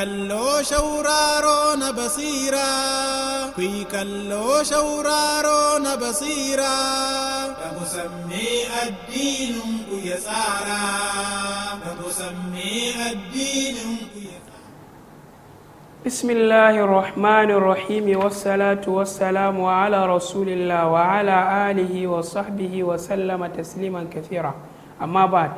kalloo shawraaroo na basiiraa kuyi kalloo shawraaroo na basiiraa kamusammee addiinuun kuyya saaraa kamusammee addiinuun بسم الله الرحمن الرحيم والصلاة والسلام على رسول الله وعلى آله وصحبه وسلم تسليما كثيرا أما بعد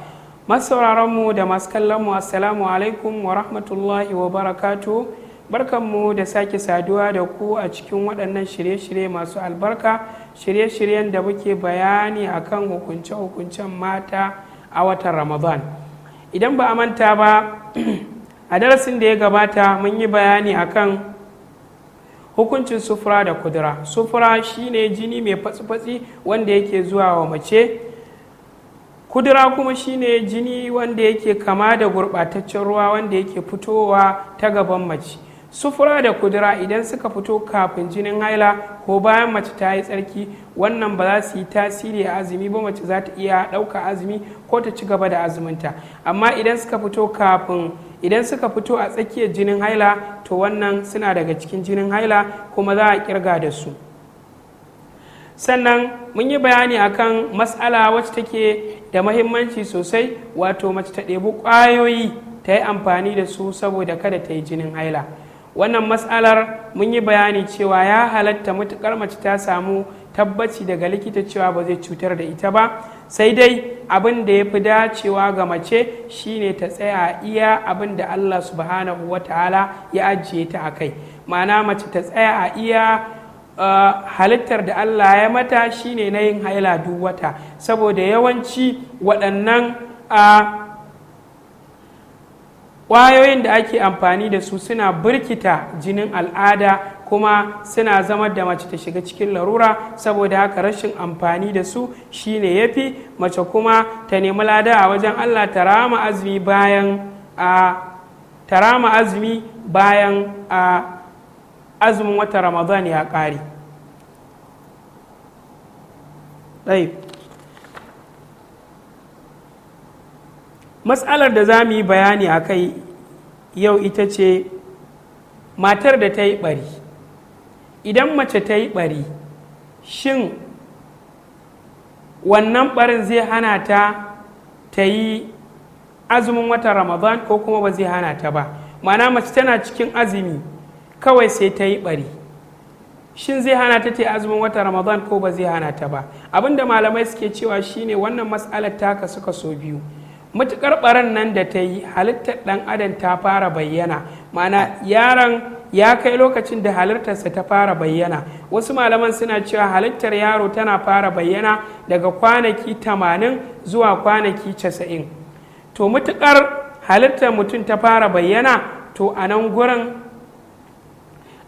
masu mu da masu kallonmu assalamu alaikum wa rahmatullahi wa barakatu barkanmu da sake saduwa da ku a cikin waɗannan shirye-shirye masu albarka shirye-shiryen da muke bayani a kan hukunce-hukuncen mata a watan ramadan idan ba a manta ba a darasin da ya gabata mun yi bayani a kan hukuncin sufura da kudura sufura shine jini mai fatsi-fatsi wanda yake zuwa wa mace kudura kuma shine jini wanda yake kama da gurɓataccen ruwa wanda yake fitowa ta gaban mace sufura da kudura idan suka fito kafin jinin haila ko bayan mace ta yi tsarki wannan ba za su yi tasiri a azumi ba mace za ta iya ɗauka azumi ko ta ci gaba da azuminta amma idan suka fito kafin idan suka fito a tsakiyar jinin haila to wannan suna daga cikin jinin haila kuma za a kirga da su sannan mun yi bayani a kan matsala wacce take da mahimmanci sosai wato mace ta ɗebi ƙwayoyi ta yi amfani da su saboda kada ta yi jinin haila wannan matsalar mun yi bayani cewa ya halatta matuƙar mace ta samu tabbaci daga likita cewa ba zai cutar da ita ba sai dai abin da ya fi dacewa ga mace shine ta tsaya iya abin da allah subhanahu wa ta'ala ya ajiye ta a kai ma'ana mace ta tsaya a iya Uh, halittar da Allah ya mata shine na yin haila duk wata saboda yawanci waɗannan a uh, ƙwayoyin da ake amfani da su suna birkita jinin al'ada kuma suna zama da mace ta shiga cikin larura saboda haka rashin amfani da su shine ya fi mace kuma ta nemi lada a wajen Allah ta rama azumi bayan uh, a azumin wata ramadan ya ƙare ɗai matsalar da za mu yi bayani a kai yau ita ce matar da ta yi ɓari idan mace ta yi ɓari shin wannan ɓarin zai hana ta ta yi azumin wata ramadan ko kuma ba zai hana ta ba mana mace tana cikin azumi kawai sai ta yi ɓari shin zai hana ta ta azumin wata ramadan ko ba zai hana ta ba abinda malamai suke cewa shine wannan matsalar ta suka so biyu matukar ɓaran nan da ta yi halittar ɗan adam ta fara bayyana mana yaron ya kai lokacin da halittarsa ta fara bayyana wasu malaman suna cewa halittar yaro tana fara bayyana daga kwanaki 80 zuwa kwanaki 90 to matukar halittar mutum ta fara bayyana to a nan gurin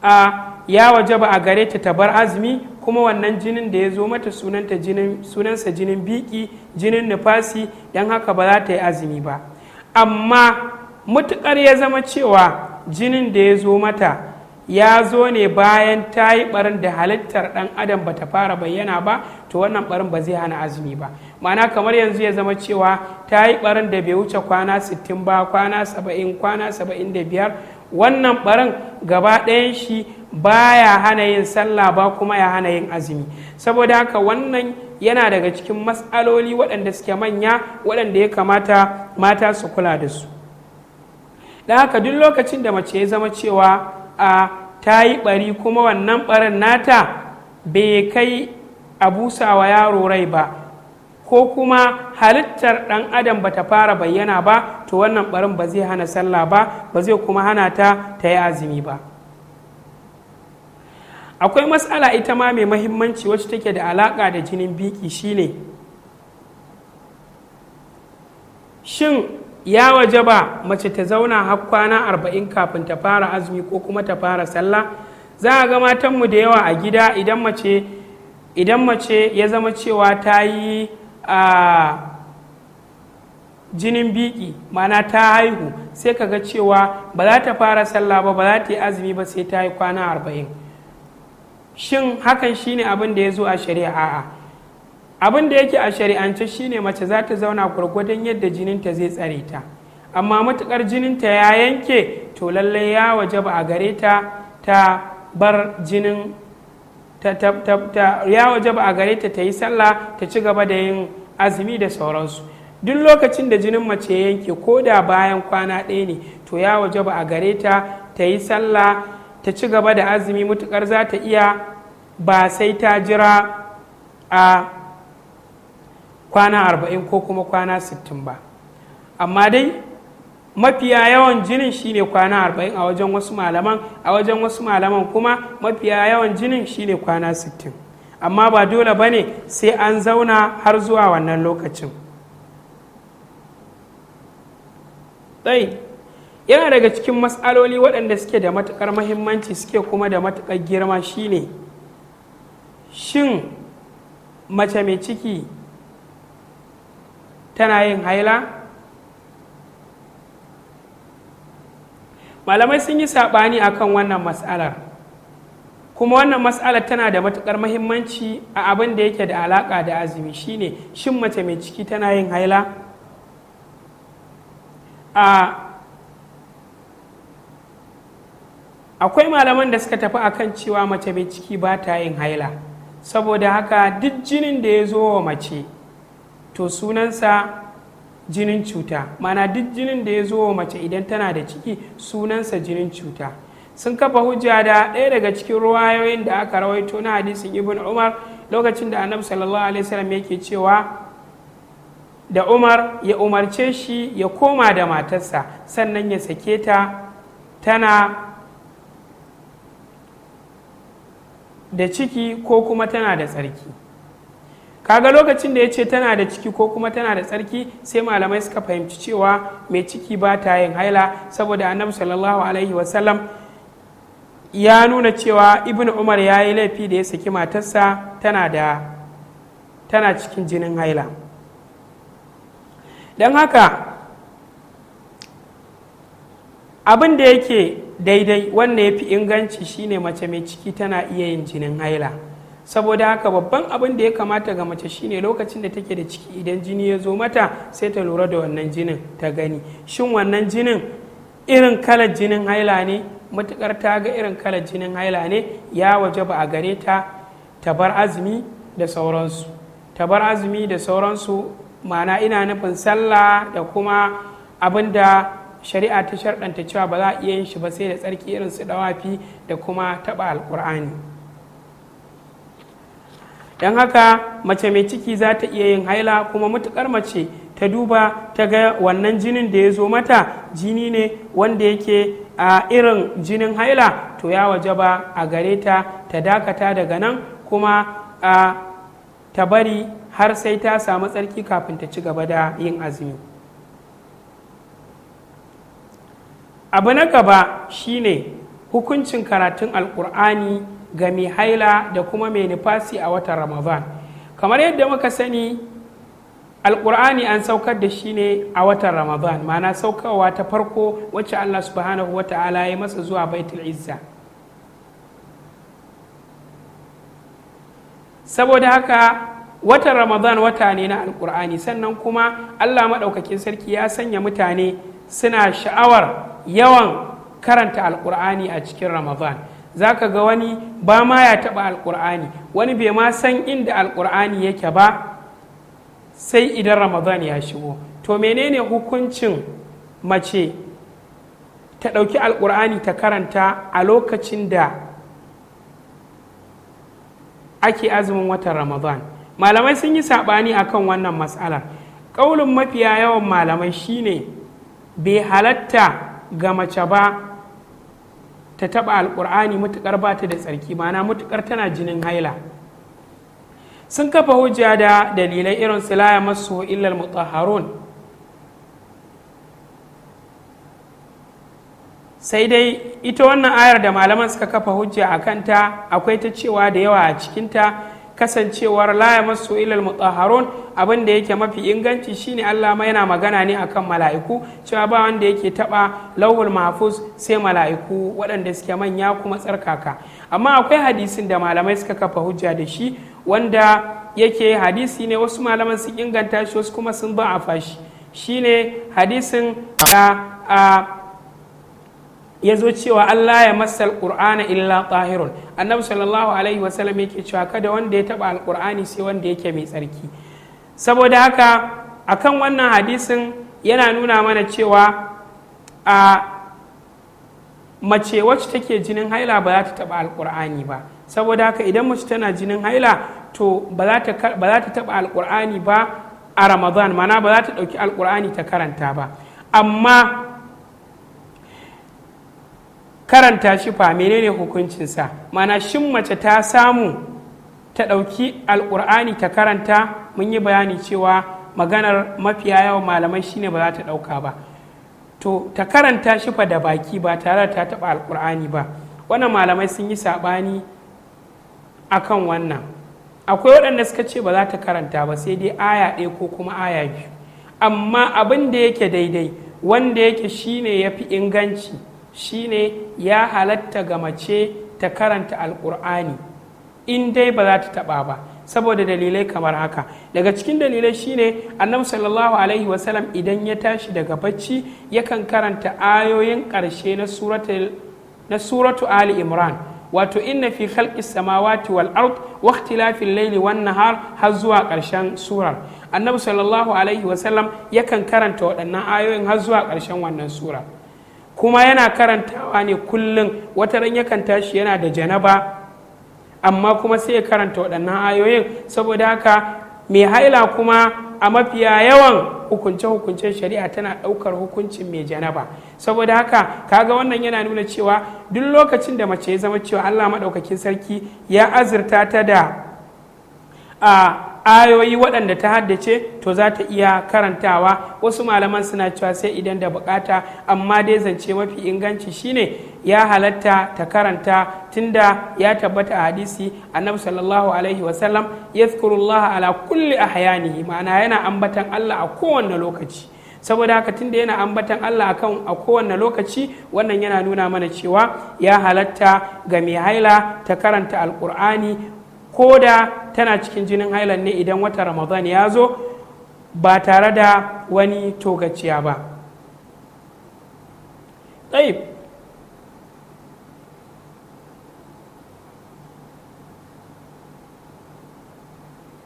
a ya wajaba a gare ta bar azumi kuma wannan jinin da ya zo mata sunanta sunansa jinin biki jinin nufasi don haka ba za ta yi azumi ba amma mutukar ya zama cewa jinin da ya zo mata ya zo ne bayan ta yi barin da halittar ɗan adam ba ta fara bayyana ba to wannan barin ba zai hana azumi ba Mana kamar yanzu ya zama cewa ta yi barin da bai wuce kwana 60 ba kwana 70 kwana 75 wannan barin gaba ɗayan shi baya hana yin sallah ba kuma ya hana yin azumi saboda haka wannan yana daga cikin matsaloli waɗanda suke manya waɗanda ya kamata mata su kula da su da haka duk lokacin da mace ya zama cewa a ta yi ɓari kuma wannan ɓarin nata bai kai a busawa yaro rai ba ko kuma halittar ɗan adam bata fara bayyana ba to wannan barin ba zai hana sallah ba ba zai kuma hana ta ta yi azumi ba akwai matsala ita ma mai mahimmanci wacce take da alaƙa da jinin biki shine shin ya waje ba mace ta zauna har kwana arba'in kafin ta fara azumi ko kuma ta fara sallah za a ga matanmu da yawa a gida idan mace idan mace ya zama cewa ta yi a jinin biki mana ta haihu sai ka ga cewa ba za ta fara sallah ba ba za ta yi azumi ba sai ta yi kwana arba'in shin hakan shine abin da ya zo a shari'a abin da yake a shari'ance shine mace za ta zauna gwargwadon yadda jininta zai tsare ta amma matukar jininta ya yanke to lallai ya waje ba a gare ta ta bar jinin ya waje ba a gare ta ta yi sallah ta ci gaba da yin azumi da sauransu duk lokacin da jinin mace ya yanke ko da bayan kwana ɗaya ne to ya waje ba a gare ta ta yi sallah ta ci gaba da azumi mutukar za ta iya ba sai ta jira a kwana arba'in ko kuma kwana sittin ba amma dai mafiya yawan jinin shine kwana arba'in a wajen wasu malaman a wajen wasu malaman kuma mafiya yawan jinin shine kwana sittin amma ba dole ba ne sai an zauna har zuwa wannan lokacin tsayi yana daga cikin matsaloli waɗanda suke da matuƙar mahimmanci suke kuma da matuƙar girma shine shin mace mai ciki tana yin haila malamai sun yi saɓani kan wannan matsalar kuma wannan matsalar tana da matuƙar mahimmanci a abin da yake da alaƙa da azumi shine shin mace mai ciki tana yin haila a akwai malaman da suka tafi akan cewa mace mai ciki ba ta yin haila saboda haka duk jinin da ya zo wa mace to sunansa jinin cuta mana duk jinin da ya zo wa mace idan tana da ciki sunansa jinin cuta sun kafa hujja da ɗaya daga cikin ruwayoyin da aka rawaito na hadisin ibn umar lokacin da annabi sallallahu alaihi wasallam yake cewa da umar ya umarce shi ya koma da matarsa sannan ya sake ta tana da ciki ko kuma tana da tsarki kaga lokacin da ya ce tana da ciki ko kuma tana da tsarki sai malamai suka fahimci cewa mai ciki ba ta yin haila saboda annabi sallallahu alaihi wasallam ya nuna cewa ibn umar ya yi laifi da ya saki matarsa tana cikin jinin haila don haka abin da yake daidai wanda ya fi inganci shine mace mai ciki tana iya yin jinin haila saboda haka babban abin da ya kamata ga mace shine lokacin da take da ciki idan jini ya zo mata sai ta lura da wannan jinin ta gani shin wannan jinin irin kalar jinin haila ne matukar ta ga irin kalar jinin haila ne ya waje ba a gare ta ta bar azumi da sauransu ta bar azumi da sauransu ma'ana ina nufin sallah da kuma abin da shari'a ta shardanta cewa ba za a iya yin shi ba sai da tsarki irin su dawafi da kuma taɓa alkur'ani. don haka mace mai ciki za ta iya yin haila kuma matukar mace ta duba ta ga wannan jinin da ya zo mata jini ne wanda yake a irin jinin haila to ya wajaba a gare ta ta dakata daga nan kuma a ta bari har sai ta samu tsarki kafin ta ci gaba da yin azumi abu na gaba shine hukuncin karatun alkur'ani ga mai haila da kuma mai nufasi a watan ramadan kamar yadda muka sani alkur'ani an saukar da shi ne a watan ramadan mana saukawa ta farko wacce allah subhanahu ta'ala ya masa zuwa baitul izza saboda haka watan ramadan wata ne na alkur'ani sannan kuma allah maɗaukakin sarki ya sanya mutane suna sha'awar yawan karanta alkur'ani a cikin ramadan za ka ga wani ba ma ya taɓa alƙur'ani wani bai ma san inda alƙur'ani yake ba sai idan ramadan ya shigo to menene hukuncin mace ta ɗauki alƙur'ani ta karanta a lokacin da ake azumin watan ramadan malamai sun yi saɓani a kan wannan matsalar ƙaunin mafiya yawan malamai shine bai halatta ga mace ba ta taɓa alƙur'ani matuƙar ba ta da tsarki mana matuƙar tana jinin haila sun kafa hujja da dalilai irin su laya masu illal mutaharun sai dai ita wannan ayar da malaman suka kafa hujja a kanta akwai ta cewa da yawa a cikinta kasancewar laya masu ilal mutaharon abin da yake mafi inganci shine Allah ma yana magana ne akan mala'iku cewa ba wanda yake taba lauhul mahfuz sai mala'iku waɗanda suke manya kuma tsarkaka amma akwai hadisin da malamai suka kafa hujja da shi wanda yake hadisi ne wasu malaman sun inganta shi wasu kuma sun ba a fashi shine hadisin da a ya zo cewa Allah ya masal qur'ana illa tahirun annabi sallallahu alaihi wasallam yake cewa kada wanda ya taba alqur'ani sai wanda yake mai tsarki saboda haka akan wannan hadisin yana nuna mana cewa a mace wacce take jinin haila ba za ta taba alqur'ani ba saboda haka idan mace tana jinin haila to ba za ta taba alqur'ani ba a ramadan mana ba za ta dauki alqur'ani ta karanta ba amma karanta shi fa menene hukuncinsa mana shin mace ta samu ta ɗauki alƙur'ani ta karanta mun yi bayani cewa maganar mafiya yawa malamai shine ba za ta ɗauka ba to ta karanta shi fa da baki ba tare da ta taɓa alƙur'ani ba wannan malamai sun yi saɓani akan wannan akwai waɗanda suka ce ba za ta karanta ba sai dai aya ɗaya ko kuma aya biyu amma abin da yake daidai wanda yake shine ya fi inganci shine ya halatta ga mace ta karanta alkur'ani in dai ba za ta taɓa ba saboda dalilai kamar haka daga cikin dalilai shine annabi sallallahu alaihi wasallam idan ya tashi daga bacci yakan karanta ayoyin ƙarshe na suratu ali imran wato inna fi khalqi samawati wal ard wa ikhtilafil layli wan nahar har zuwa ƙarshen surar annabi sallallahu alaihi wasallam yakan karanta waɗannan ayoyin har zuwa ƙarshen wannan surar kuma yana karantawa ne kullum wata ran yakan tashi yana da janaba amma kuma sai ya karanta waɗannan ayoyin saboda haka mai haila kuma a mafiya yawan hukunce-hukuncen shari'a tana ɗaukar hukuncin mai janaba saboda haka kaga wannan yana nuna cewa duk lokacin da mace ya zama cewa allah maɗaukakin sarki ya azurta ta da a ayoyi waɗanda ta haddace to za ta iya karantawa wasu malaman suna cewa sai idan da bukata amma dai zance mafi inganci shine ya halatta ta karanta tunda ya tabbata a hadisi annabi sallallahu alaihi wasallam yadhkurullaha ala kulli ahyanihi ma'ana yana ambatan Allah a kowane lokaci saboda haka tunda yana ambatan Allah akan a kowane lokaci wannan yana nuna mana cewa ya halatta ga mai haila ta karanta alkur'ani ko da tana cikin jinin hailan ne idan wata ramadan ya zo ba tare da wani togaciya ba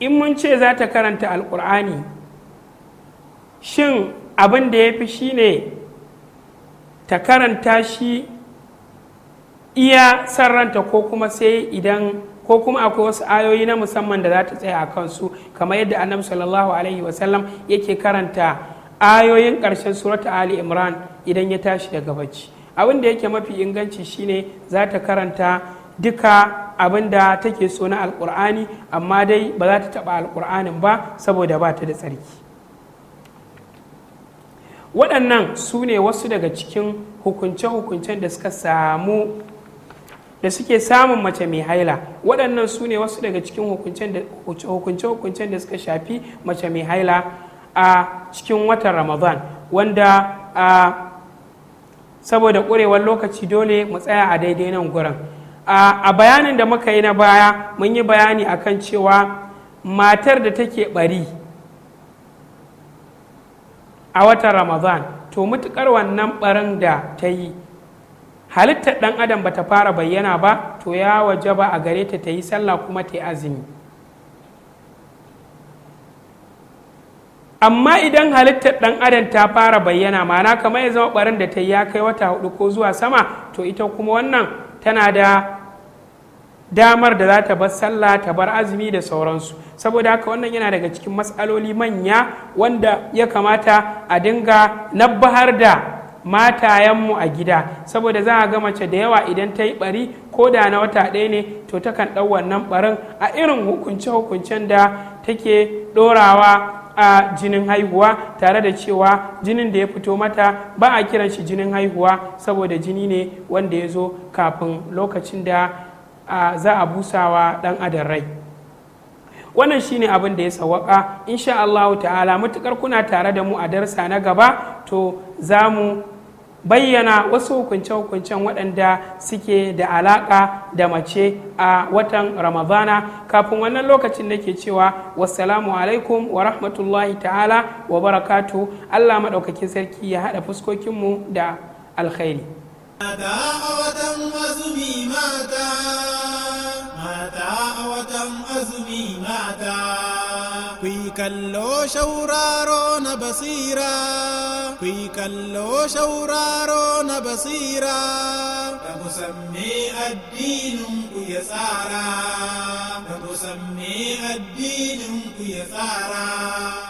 in mun ce za ta karanta alkur'ani shin abin da ya fi shi ne ta karanta shi iya sarranta ko kuma sai idan ko kuma akwai wasu ayoyi na musamman da za ta tsaya a kansu kamar yadda annabi sallallahu alaihi wasallam yake karanta ayoyin ƙarshen surata ali imran idan ya tashi daga bacci abin da yake mafi inganci shine za ta karanta duka abin da take so na alkur'ani amma dai ba za ta taɓa alkur'anin ba saboda ba ta da tsarki waɗannan su ne wasu daga cikin hukunce-hukuncen da suka samu da suke samun mace mai haila waɗannan su ne wasu daga cikin hukunce-hukuncen da suka shafi mace mai haila a cikin watan ramadan wanda a saboda ƙurewar lokaci dole mu tsaya a daidai nan gurin a bayanin da muka yi na baya mun yi bayani akan cewa matar da take bari a watan ramadan to mutukar wannan barin da ta yi halittar ɗan adam bata fara bayyana ba to ya waje ba a gare ta ta yi sallah kuma ta yi azumi amma idan halittar ɗan adam ta fara bayyana mana kamar ya zama ɓarin da ta yi ya kai wata hudu ko zuwa sama to ita kuma wannan tana da damar da za ta bar sallah ta bar azumi da sauransu saboda haka wannan yana daga cikin matsaloli manya wanda ya kamata a dinga nabbahar da matayenmu a gida saboda za a ga mace da yawa idan ta yi bari ko da na wata ɗaya ne to takan ɗau wannan barin a irin hukunce-hukuncen da take ɗorawa a jinin haihuwa tare da cewa jinin da ya fito mata ba a kiran shi jinin haihuwa saboda jini ne wanda ya zo kafin lokacin da za a busawa ɗan adar rai wannan shine abin da ya sawaka insha Allahu ta'ala matukar kuna tare da mu a darsa na gaba to za mu bayyana wasu hukunce-hukuncen waɗanda suke da alaƙa da mace a watan ramadana kafin wannan lokacin da ke cewa wasalamu alaikum wa rahmatullahi ta'ala wa barakatu allah maɗaukakin sarki ya haɗa fuskokinmu da alkhairi kallo shauraro na basira كي كلو شورارو نبصيرا سمي الدين كي سارا كيسارا سمي الدين كي سارا